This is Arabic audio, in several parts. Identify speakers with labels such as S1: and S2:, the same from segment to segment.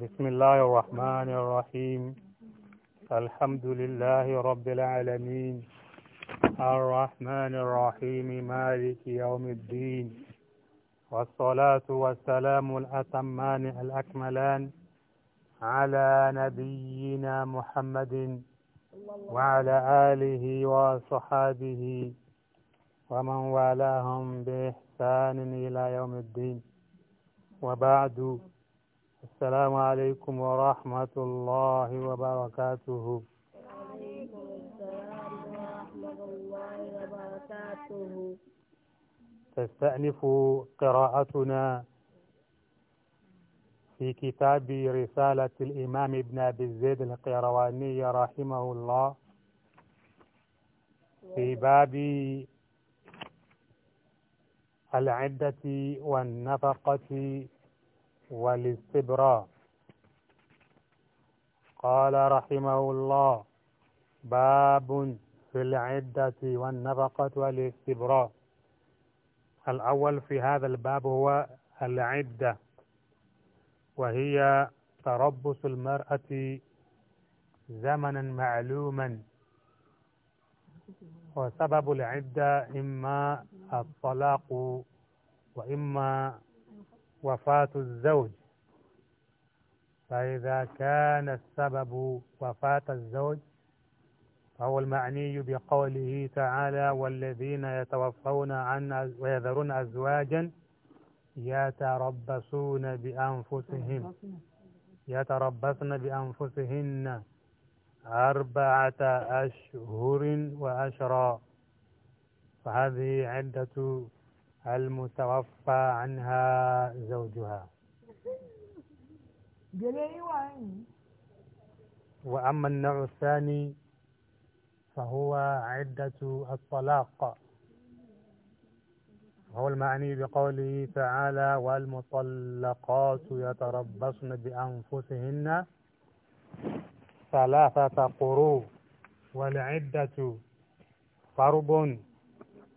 S1: بسم الله الرحمن الرحيم الحمد لله رب العالمين الرحمن الرحيم مالك يوم الدين والصلاة والسلام الأتمان الأكملان على نبينا محمد وعلى آله وصحابه ومن والاهم بإحسان إلى يوم الدين وبعد السلام عليكم ورحمة الله وبركاته
S2: وعليكم السلام ورحمة الله وبركاته
S1: تستأنف قراءتنا في كتاب رسالة الإمام ابن أبي الزيد القيرواني رحمه الله في باب العدة والنفقة والاستبراء قال رحمه الله باب في العدة والنفقة والاستبراء الأول في هذا الباب هو العدة وهي تربص المرأة زمنا معلوما وسبب العدة إما الطلاق وإما وفاة الزوج فإذا كان السبب وفاة الزوج فهو المعني بقوله تعالى والذين يتوفون عن ويذرون أزواجا يتربصون بأنفسهم يتربصن بأنفسهن أربعة أشهر وأشرا فهذه عدة المتوفى عنها زوجها وأما النوع الثاني فهو عدة الطلاق هو المعني بقوله تعالى والمطلقات يتربصن بأنفسهن ثلاثة قروء والعدة فرض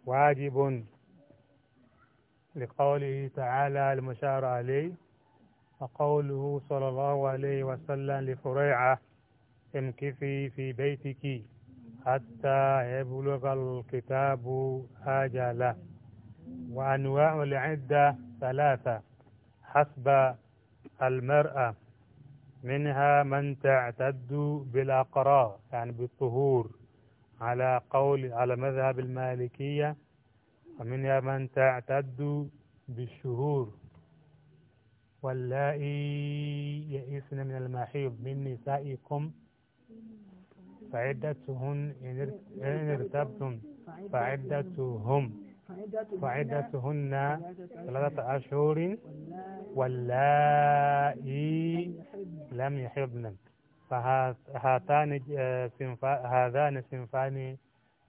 S1: واجب لقوله تعالى المشار عليه وقوله صلى الله عليه وسلم لفريعة امكثي في بيتك حتى يبلغ الكتاب آجله وأنواع العدة ثلاثة حسب المرأة منها من تعتد بالأقراء يعني بالطهور على قول على مذهب المالكية ومن من تعتد بالشهور واللائي يئسن من المحيض من نسائكم فعدتهن إن ارتبتم فعدتهم
S2: فعدتهن
S1: ثلاثة أشهر واللائي لم يحضن فهاتان هذان صنفان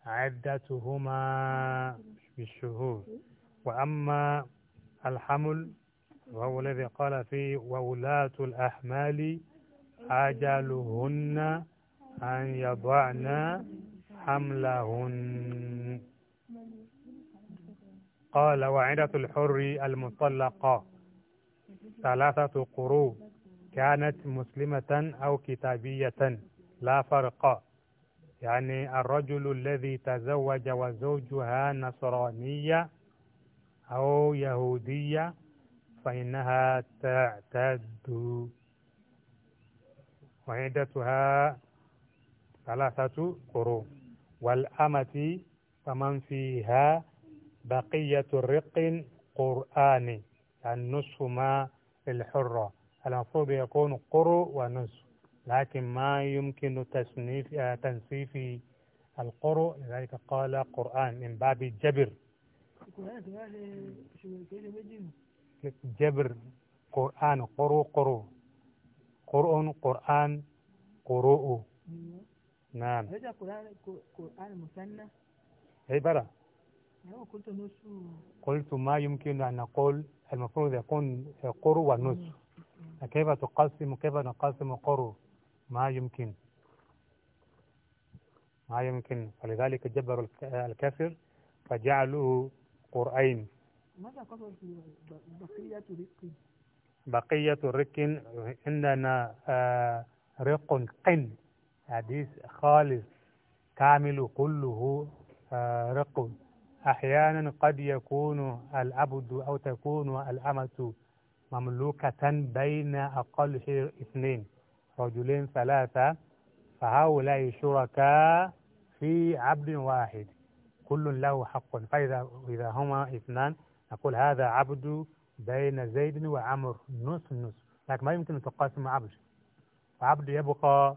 S1: عدتهما بالشهور وأما الحمل وهو الذي قال فيه وولاة الأحمال أجلهن أن يضعن حملهن قال وعدة الحر المطلقة ثلاثة قروب كانت مسلمة أو كتابية لا فرق يعني الرجل الذي تزوج وزوجها نصرانية أو يهودية فإنها تعتد وعدتها ثلاثة قرون والأمة فمن فيها بقية رق قرآني يعني نصف ما الحرة المفروض يكون قروء ونصف لكن ما يمكن تصنيف آه، تنصيف القرء لذلك قال قرآن من باب الجبر جبر قرآن قرؤ قرؤ قرء قرآن قروء نعم
S2: هذا قرآن قرآن مثنى عبارة قلت نصف
S1: قلت ما يمكن أن نقول المفروض يكون قرء ونصف كيف تقسم كيف نقسم قرؤ ما يمكن ما يمكن فلذلك جبروا الكسر فجعلوه قرآن
S2: ماذا قصد بقية رق
S1: بقية رق عندنا آه، رق قن حديث خالص كامل كله آه، رق أحيانا قد يكون العبد أو تكون الأمة مملوكة بين أقل شيء اثنين رجلين ثلاثة فهؤلاء شركاء في عبد واحد كل له حق فإذا إذا هما اثنان نقول هذا عبد بين زيد وعمر نص نص لكن ما يمكن أن تقاسم عبد فعبد يبقى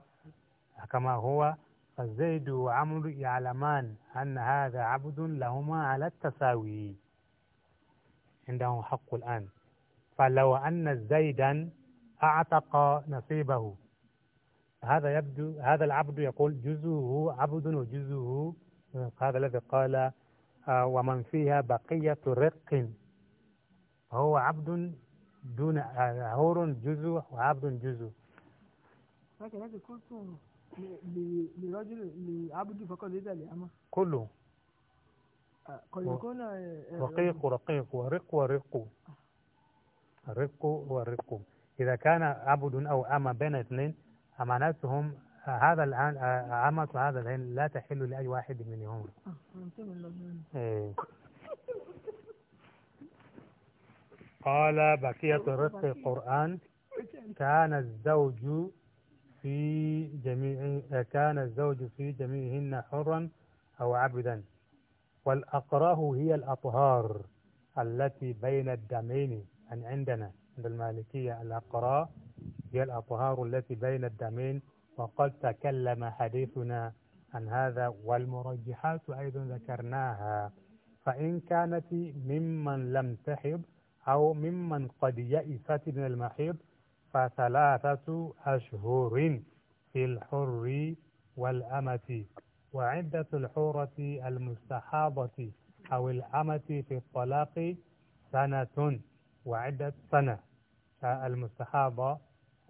S1: كما هو فزيد وعمر يعلمان أن هذا عبد لهما على التساوي عندهم حق الآن فلو أن زيدا أعتق نصيبه هذا يبدو هذا العبد يقول جزءه عبد وجزءه آه، هذا الذي قال آه، ومن فيها بقية رق هو عبد دون آه، هور جزء وعبد جزء
S2: لكن هذه قلت لرجل لعبد فقط إذا لأمر كله قد يكون رقيق
S1: رقيق ورق ورق الرق هو الرق إذا كان عبد أو أما بين اثنين أمانتهم هذا الآن أمة هذا الآن لا تحل لأي واحد منهم آه، إيه. قال بقية رق القرآن كان الزوج في جميع كان الزوج في جميعهن حرا أو عبدا والأقراه هي الأطهار التي بين الدمين عن يعني عندنا عند المالكية الأقراه هي الأطهار التي بين الدمين وقد تكلم حديثنا عن هذا والمرجحات أيضا ذكرناها فإن كانت ممن لم تحب أو ممن قد يئست من المحيض فثلاثة أشهر في الحر والأمة وعدة الحورة المستحاضة أو الأمة في الطلاق سنة وعدة سنة المستحاضة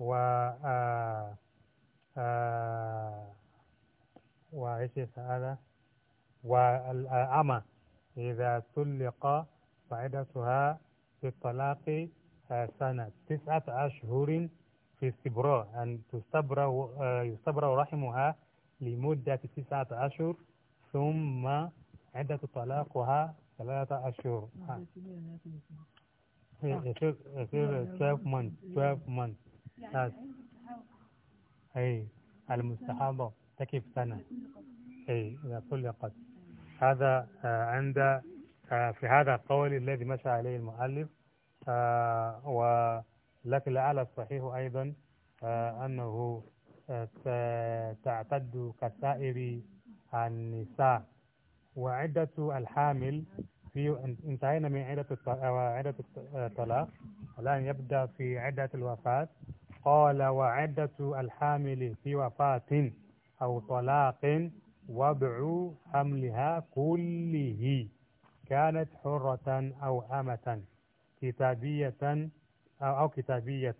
S1: و آه، آه، وإيش هذا والأعمى إذا طلق فعدتها في الطلاق آه، سنة تسعة أشهر في استبراء أن تستبرى يستبرأ رحمها لمدة تسعة أشهر ثم عدة طلاقها ثلاثة أشهر 12 months 12 months ساس أي المستحاضة تكف سنة أي إذا طلقت هذا آه، عند آه، في هذا القول الذي مشى عليه المؤلف آه، ولكن لعل الصحيح أيضا أنه تعتد كسائر النساء وعدة الحامل في انتهينا من عدة عدة الطلاق الآن يبدأ في عدة الوفاة قال وعدة الحامل في وفاة أو طلاق وضع حملها كله كانت حرة أو أمة كتابية أو كتابية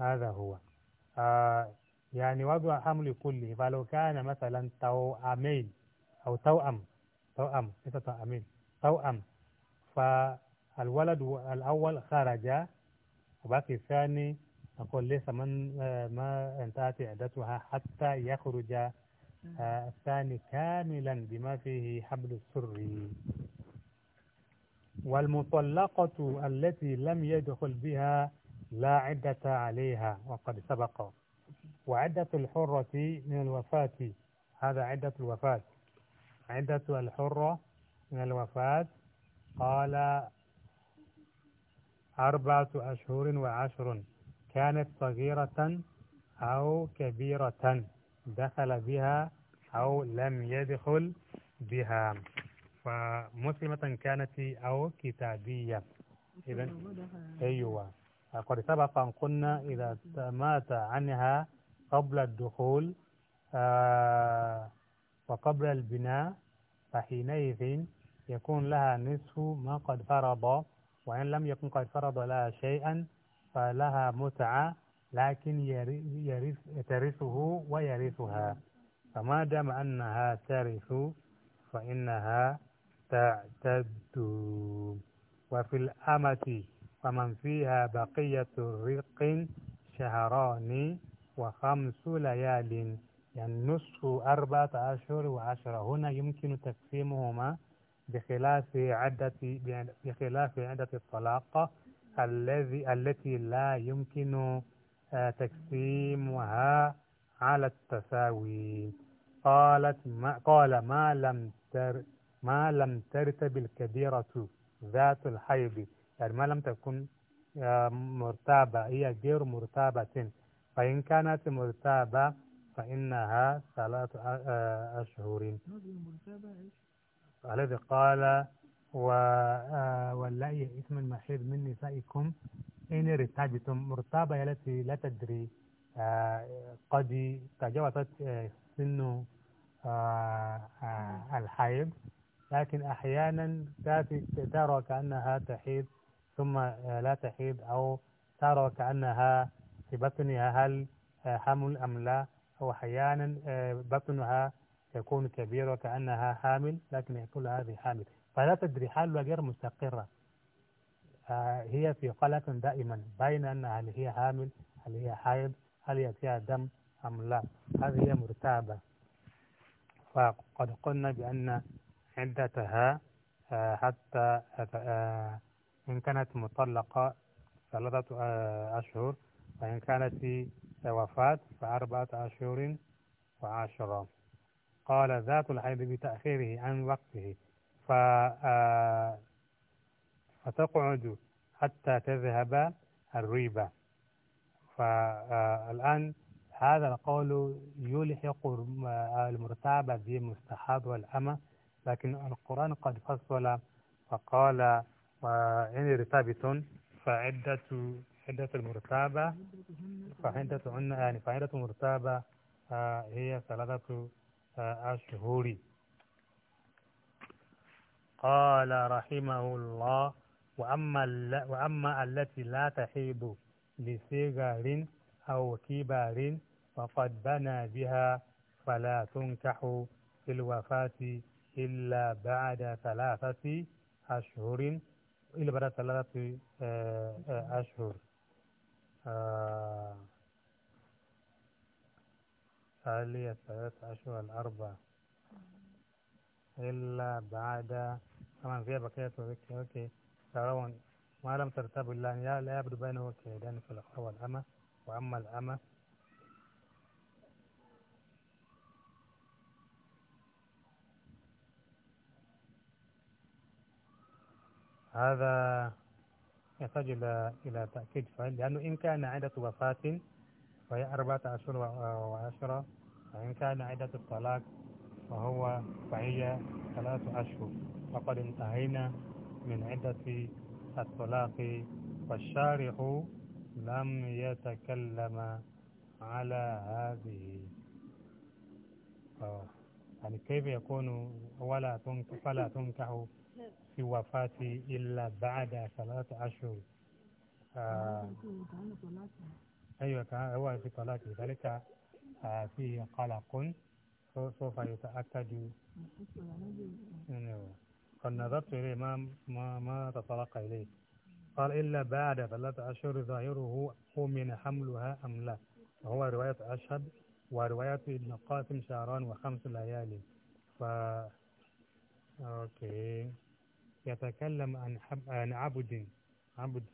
S1: هذا هو آه يعني وضع حمل كله فلو كان مثلا توأمين أو توأم توأم ليس توأمين توأم فالولد الأول خرج وباقي الثاني أقول ليس من آه، ما انتهت عدتها حتى يخرج آه، الثاني كاملا بما فيه حبل السر والمطلقة التي لم يدخل بها لا عدة عليها وقد سبق وعدة الحرة من الوفاة هذا عدة الوفاة عدة الحرة من الوفاة قال أربعة أشهر وعشر كانت صغيرة أو كبيرة دخل بها أو لم يدخل بها فمسلمة كانت أو كتابية إذا أيوة قد سبق أن قلنا إذا مات عنها قبل الدخول آه، وقبل البناء فحينئذ يكون لها نصف ما قد فرض وإن لم يكن قد فرض لها شيئا فلها متعة لكن يرث ترثه ويرثها فما دام أنها ترث فإنها تعتد وفي الأمة فمن فيها بقية رق شهران وخمس ليال يعني نصف أربعة أشهر وعشرة هنا يمكن تقسيمهما بخلاف عدة بخلاف عدة الطلاق الذي التي لا يمكن آه، تقسيمها على التساوي قالت ما قال ما لم تر ما لم ترتب الكبيرة ذات الحيض يعني ما لم تكن آه، مرتابة هي غير مرتابة فإن كانت مرتابة فإنها ثلاث آه، أشهر الذي قال آه، واللائي اسم المحيض من نسائكم إن ارتبتم مرتبة التي لا تدري آه، قد تجاوزت آه، سن الحيض لكن أحيانا ترى كأنها تحيض ثم لا تحيض أو ترى كأنها في بطنها هل حمل أم لا أو أحيانا بطنها تكون كبيرة كأنها حامل لكن يقول هذه حامل فلا تدري حالها غير مستقرة آه، هي في قلق دائما بين أن هل هي حامل هل هي حائض هل هي فيها دم أم لا هل هي مرتابة فقد قلنا بأن عدتها آه، حتى آه، إن كانت مطلقة ثلاثة أشهر وإن كانت في وفاة فأربعة أشهر وعشرة قال ذات الحيض بتأخيره عن وقته آه، فتقعد حتى تذهب الريبة آه، فالآن هذا القول يلحق آه، المرتابة بمستحب والأمة لكن القرآن قد فصل فقال وإن ارتبتن فعدة عدة المرتابة فعدة يعني فعدة المرتابة هي ثلاثة أشهر قال رحمه الله وأما, وأما التي لا تحيض لصغر أو كبار فقد بنى بها فلا تنكح في الوفاة إلا بعد ثلاثة أشهر إلا بعد ثلاثة آه، أشهر آه، هل هي ثلاثة أشهر الأربعة إلا بعد طبعا في بقية أوكي ترون ما لم ترتب أن لا يبدو بينه كيدان في الأخرى والأمة وأما الأمة هذا يحتاج إلى إلى تأكيد فعل لأنه إن كان عدة وفاة فهي أربعة أشهر وعشرة وإن كان عدة الطلاق فهو فهي ثلاثة أشهر وقد انتهينا من عدة الطلاق فالشارح لم يتكلم على هذه آه، يعني كيف يكون ولا تنكح فلا تنكح في وفاة إلا بعد ثلاثة أشهر آه أيوة هو في طلاق ذلك آه فيه قلق سوف يتأكد قد نظرت إليه ما, ما, ما تطرق إليه قال إلا بعد ثلاثة أشهر ظاهره أمن حملها أم لا وهو رواية أشهد ورواية ابن قاسم شهران وخمس ليالي ف أوكي يتكلم عن حب... عن عبد عبد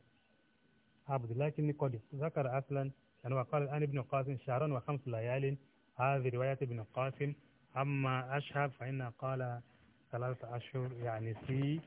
S1: عبد لكن قد ذكر أصلا أنه قال الآن ابن قاسم شهران وخمس ليالي هذه رواية ابن قاسم أما أشهب فإن قال ثلاثة أشهر يعني في